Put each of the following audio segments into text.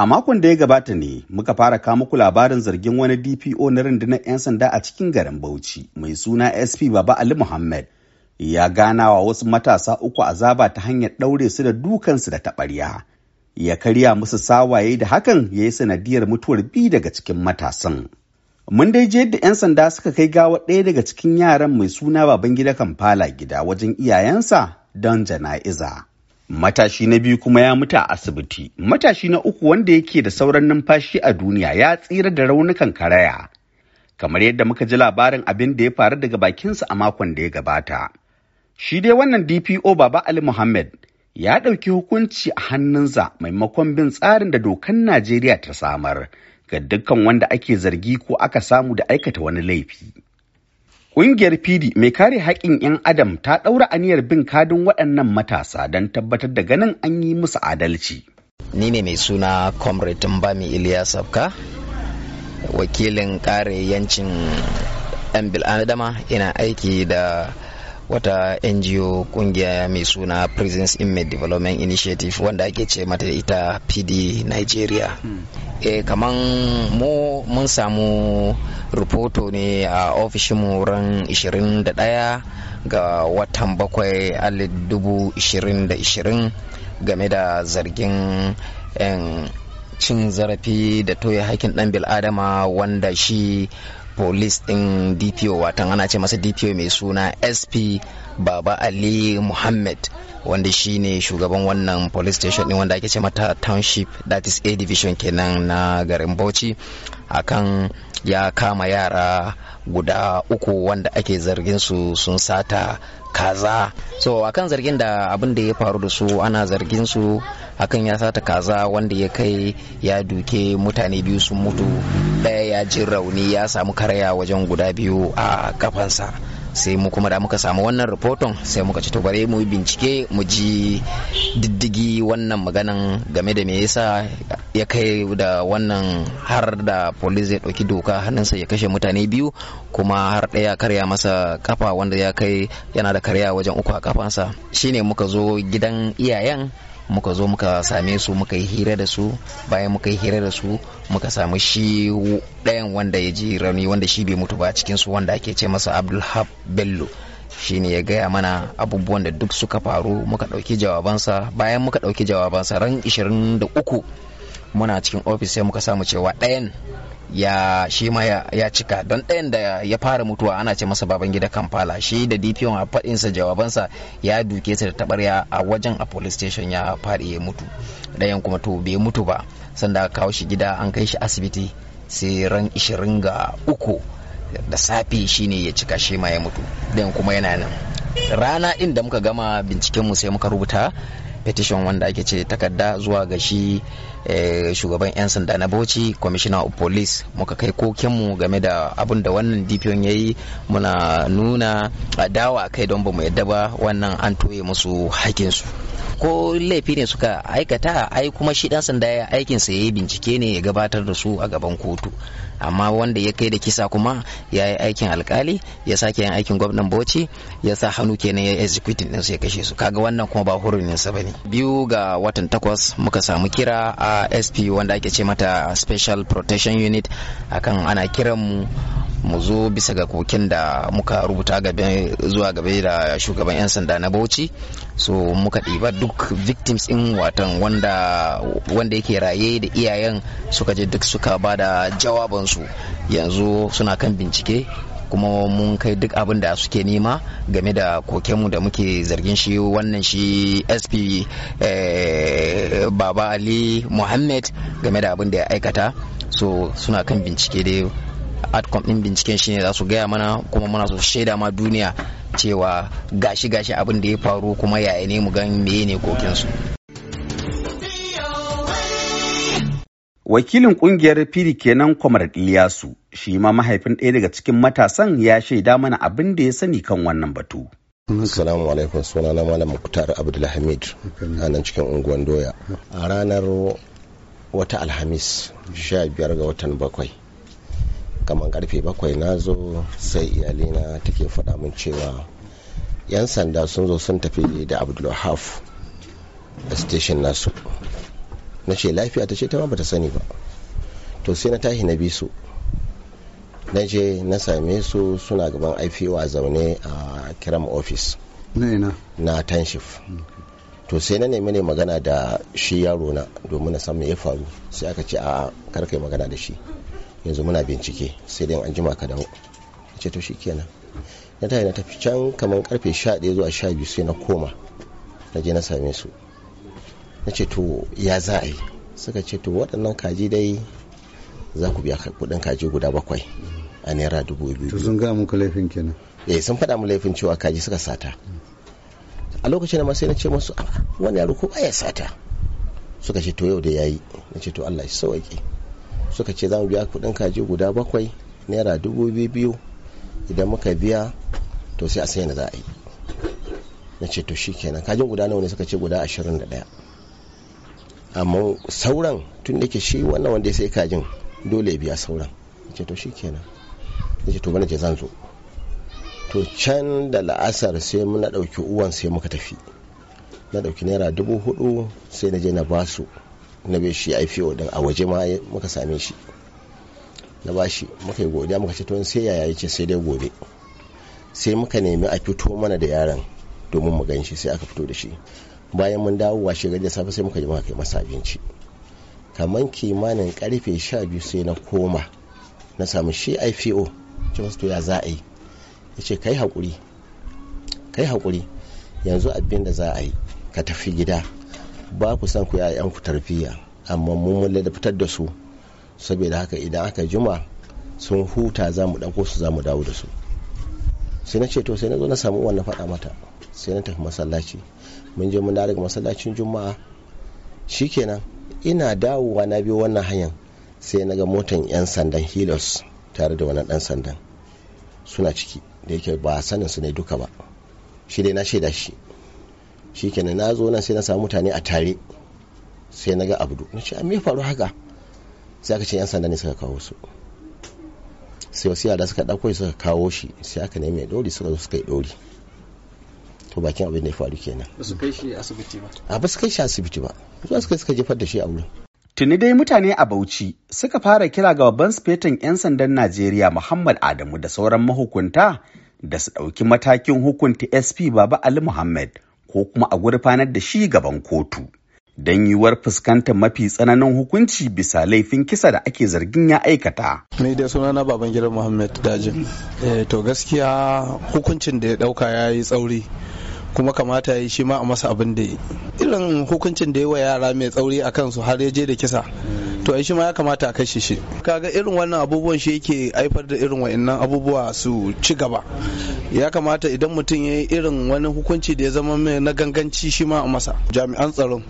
A makon da ya gabata ne muka fara kawo muku labarin zargin wani DPO na rundunar 'yan sanda a cikin garin Bauchi mai suna SP Baba Ali Muhammad ya ganawa wasu matasa uku azaba ta hanyar ɗaure su da dukansu da taɓarya. Ya karya musu sawaye da hakan ya yi sanadiyar mutuwar bi daga cikin matasan. Mun dai je da 'yan sanda suka kai gawa ɗaya daga cikin yaran mai suna Babangida gida Kamfala gida wajen iyayensa don jana'iza. matashi na biyu kuma ya mutu a asibiti matashi na uku wanda yake da sauran numfashi a duniya ya tsira da raunukan karaya kamar yadda muka ji labarin abin da ya faru daga bakinsa a makon da ya gabata shi dai wannan dpo baba ali muhammad ya ɗauki hukunci a hannunsa maimakon bin tsarin da dokan najeriya ta samar ga dukkan wanda ake zargi ko aka samu da aikata wani laifi Ƙungiyar PD mai kare haƙƙin 'yan Adam ta ɗaura aniyar bin kadin waɗannan matasa don tabbatar da ganin an yi musu adalci. Ni ne mai suna Comrade Mbami Iliya Safka, wakilin kare yancin 'yan bil'adama ina aiki da wata NGO kungiya mai suna Prisons Inmate Development Initiative wanda ake ce mata ita PD Nigeria. E, kaman mu mun samu rufoto ne a ofishinmu ran 21 ga watan bakwai alif da ishirin game da zargin cin zarafi da toye hakin dan bil'adama wanda shi police din dpo watan ana ce masa dpo mai suna sp baba ali muhammad wanda shine shugaban wannan police station din wanda ake ce mata township that is a division kenan na garin bauchi akan ya kama yara guda uku wanda ake zargin su sun sata kaza so akan zargin da abin da ya faru da su ana zargin su akan ya sata kaza wanda ya kai ya duke mutane biyu sun mutu daya ya ji rauni ya samu karaya wajen guda biyu a kafansa sai mu kuma da muka samu wannan rahoton sai muka ci tubare bare mu bincike mu ji diddigi wannan maganan game da me yasa ya kai da wannan har da police ya ɗauki doka hannunsa ya kashe mutane biyu kuma har ɗaya karya masa kafa wanda ya kai yana da karya wajen uku a kafansa shine muka zo gidan iyayen muka zo muka same su muka yi hira da su bayan muka yi hira da su muka samu shi ɗayan wanda ya ji rauni wanda shi bai mutu ba cikin su wanda ake ce masa abdulhab bello shi ne ya gaya mana abubuwan da duk suka faru muka ɗauki jawabansa bayan muka ɗauki jawabansa ran 23 muna cikin ofis sai muka samu cewa ɗayan ya shi ma ya, cika don ɗayan da ya fara mutuwa ana ce masa baban gida kamfala shi da dpo a faɗinsa jawabansa ya duke su da tabarya a wajen a police station ya faɗi ya mutu ɗayan kuma to bai mutu ba sanda kawo shi gida an kai shi asibiti sai ran 23 da safe ne ya cika shi ma ya mutu ɗayan kuma yana nan rana inda muka gama binciken mu sai muka rubuta petition wanda ake ce takarda zuwa ga shi eh, shugaban 'yan sanda na bauchi commissioner of police muka kai kokinmu game da abin da wannan dpn ya yi muna nuna dawa kai don ba mu yadda ba wannan an toye musu hakinsu ko laifi ne suka aikata ai kuma shi dan sanda ya aikin sa yayi bincike ne ya gabatar da su a gaban kotu amma wanda ya kai da kisa kuma ya yi aikin alkali ya sake yin aikin gwamnan Bauchi ya sa hannu kenan ya executing din su ya kashe su kaga wannan kuma ba hurumin sa bane biyu ga watan takwas muka samu kira a SP wanda ake ce mata special protection unit akan ana kiran mu mu zo bisa ga koken da muka rubuta zuwa gabe da shugaban 'yan sanda na bauchi so muka ɗiba duk victims in watan wanda yake raye da iyayen suka je duk suka ba da jawabansu yanzu suna kan bincike kuma mun kai duk abin da suke nema game da kokenmu da muke zargin shi wannan shi sp eh, baba ali muhammad game da abin da ya aikata so suna kan bincike dai adcom din binciken shi ne za su gaya mana kuma muna so shaida ma duniya cewa gashi gashi abin da ya faru kuma yaya ne mu gan meye ne kokinsu wakilin kungiyar fili kenan kwamar iliyasu shi ma mahaifin ɗaya daga cikin matasan ya shaida mana abin da ya sani kan wannan batu Salamu alaikum suna na Malam Muktar Abdulhamid a nan cikin unguwan Doya. A ranar wata Alhamis 15 ga watan bakwai kamar karfe bakwai na zo sai iyalina take faɗa min cewa 'yan sanda sun zo sun tafi da abdulhaf a station nasu na ce lafiya ta ce ta ma bata sani ba to sai na tashi na bi su na je na same su suna gaban aifiwa zaune a kiram office na tanshif to sai na nemi ne magana da shi yaro na domin na san me ya faru sai aka ce a karkai magana da shi yanzu muna bincike sai dai an jima ka dawo ce to kenan na tafi na tafi can kamar karfe 11 zuwa 12 sai na koma na je na same su na ce to ya za a yi suka ce to waɗannan kaji dai za ku biya kuɗin kaji guda bakwai a naira dubu biyu to sun ga muku laifin kenan eh sun faɗa mu laifin cewa kaji suka sata a lokacin ma sai na ce masu wani yaro ko ya sata suka ce to yau da yayi na ce to Allah shi sauke suka ce za mu biya kudin kaji guda bakwai naira dubu biyu idan muka biya to sai a sai na za a yi na ce to shi kenan kajin guda nawa ne suka ce guda ashirin da daya amma sauran tun da ke shi wannan wanda ya sai kajin dole ya biya sauran na ce to shi kenan na ce to bana je zan zo to can da la'asar sai muna ɗauki uwan sai muka tafi na ɗauki naira dubu hudu sai na je na basu na bai shi IPO din a waje ma muka same shi na bashi muka yi godiya muka ce sai yaya ce sai dai gobe sai muka nemi a fito mana da yaran domin mu gan shi sai aka fito da shi bayan mun dawo wa gari da safe sai muka yi muka kai masa abinci kamar kimanin karfe 12 sai na koma na samu shi IPO ce masu toya ya za a yi ya ce kai kai haƙuri yanzu abin da za a yi ka tafi gida ba ku san ku ya yan ku tarbiyya amma mun mulle da fitar da su saboda haka idan aka juma sun huta za mu dauko su za mu dawo da su sai na ce to sai na zo na samu wannan faɗa mata sai na tafi masallaci mun je mun dawo daga masallacin juma'a shikenan ina dawowa na biyo wannan hanyar sai na ga motan 'yan sandan hilos tare da wani dan sandan suna ciki da yake ba sanin su ne duka ba shi dai na shaida shi shikenan na zo nan sai na samu mutane a tare sai na ga abdu na ce ah, me faru haka sai aka ce yan sanda ne suka kawo su sai wasu yara suka dauko suka kawo shi sai aka nemi dori suka zo suka yi dori to bakin abin da ya faru kenan ba su kai shi asibiti ba a ba su kai shi asibiti ba zuwa suka suka jefar da shi a wurin tuni dai mutane a Bauchi suka fara kira ga babban sifetin 'yan sandan Najeriya Muhammad Adamu da sauran mahukunta da su ɗauki matakin hukunta SP Baba Ali Muhammad ko kuma a gurfanar da shi gaban kotu don yiwuwar fuskantar mafi tsananin hukunci bisa laifin kisa da ake zargin ya aikata. Ni suna sunana baban gidan Muhammad Dajin. Eh, to gaskiya hukuncin da ya dauka ya yi tsauri kuma kamata ya yi shi ma a masa abin da ya irin hukuncin da ya wa yara mai tsauri a kansu har ya je da kisa to shi ma ya kamata a kashe shi kaga irin wannan abubuwan shi yake haifar da irin wa'annan abubuwa su ci gaba ya kamata idan mutum ya yi irin wani hukunci da ya zama mai na ganganci shi ma a masa jami'an tsaron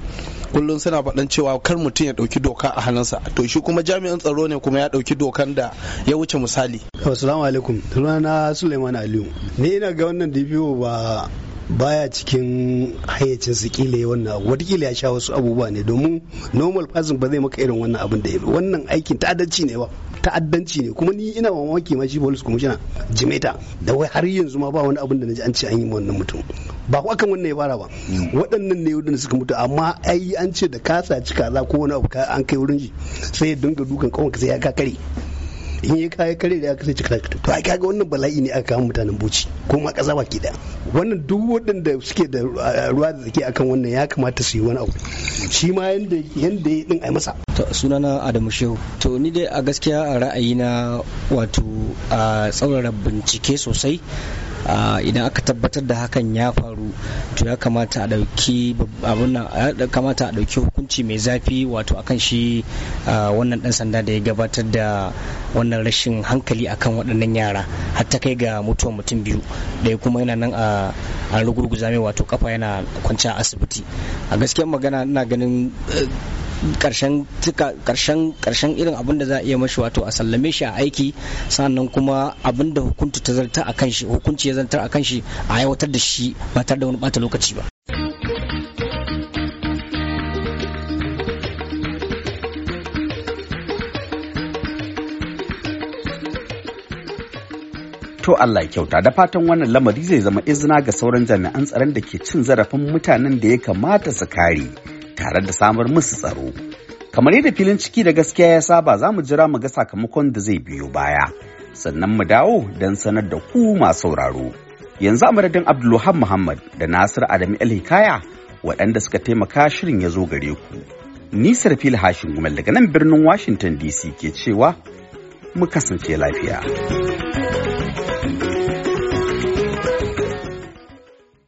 kullum suna faɗan cewa kar mutum ya ɗauki doka a hannunsa to shi kuma jami'an tsaro ne kuma ya ɗauki dokan da ya wuce misali assalamu alaikum sunana suleiman aliyu ni ina ga wannan dpo ba baya cikin hayyacin su kila wannan watakila ya sha wasu abubuwa ne domin normal person ba zai maka irin wannan abin da ya wannan aikin ta'addanci ne ba ta'addanci ne kuma ni ina mamaki ma shi police commissioner jimeta da wai har yanzu ma ba wani abin da naji an ce an yi wannan mutum ba ku akan wannan ya fara ba waɗannan ne wadanda suka mutu amma ai an ce da kasa ci kaza ko wani abu an kai wurin shi sai ya dinga dukan kawai sai ya kakari. in yi kayan kare da aka sai cika to ai kaga wannan bala'i ne aka kawo mutanen boci ko ma kasa baki da wannan duk waɗanda suke da ah, ruwa da tsaki akan wannan ya kamata su yi wani abu shi ma yanda yanda ya din ai masa to sunana Adamu Shehu to ni dai a gaskiya a ra'ayina wato a ah, tsaurara bincike sosai idan aka tabbatar da hakan ya faru to ya kamata a ɗauki abun nan kamata a dauki hukunci mai zafi wato akan shi wannan ɗan sanda da ya gabatar da wannan rashin hankali akan waɗannan yara har ta kai ga mutuwar mutum biyu ɗaya kuma yana nan a rugurguza mai wato kafa yana kwanci a asibiti a gaskiyar magana ina ganin eh, karshen karshen irin abin da za a iya mashi wato a sallame shi a aiki sannan kuma abin da hukunci ta zartar kan shi hukunci ya zartar kan shi a aiwatar da shi ba tare da wani bata lokaci ba to Allah ya kyauta da fatan wannan lamari zai zama izina ga sauran jami'an tsaron da ke cin zarafin mutanen da ya kamata su kare tare da samar musu tsaro. Kamar yadda filin ciki da gaskiya ya saba za mu jira mu ga sakamakon da zai biyo baya, sannan mu dawo don sanar da ku masu sauraro. Yanzu a madadin Abdulluhan Muhammad da Nasir Adamu El Hikaya, waɗanda suka taimaka shirin ya zo gare ku. Nisar fil hashin gumal daga nan birnin Washington DC ke cewa mu kasance lafiya.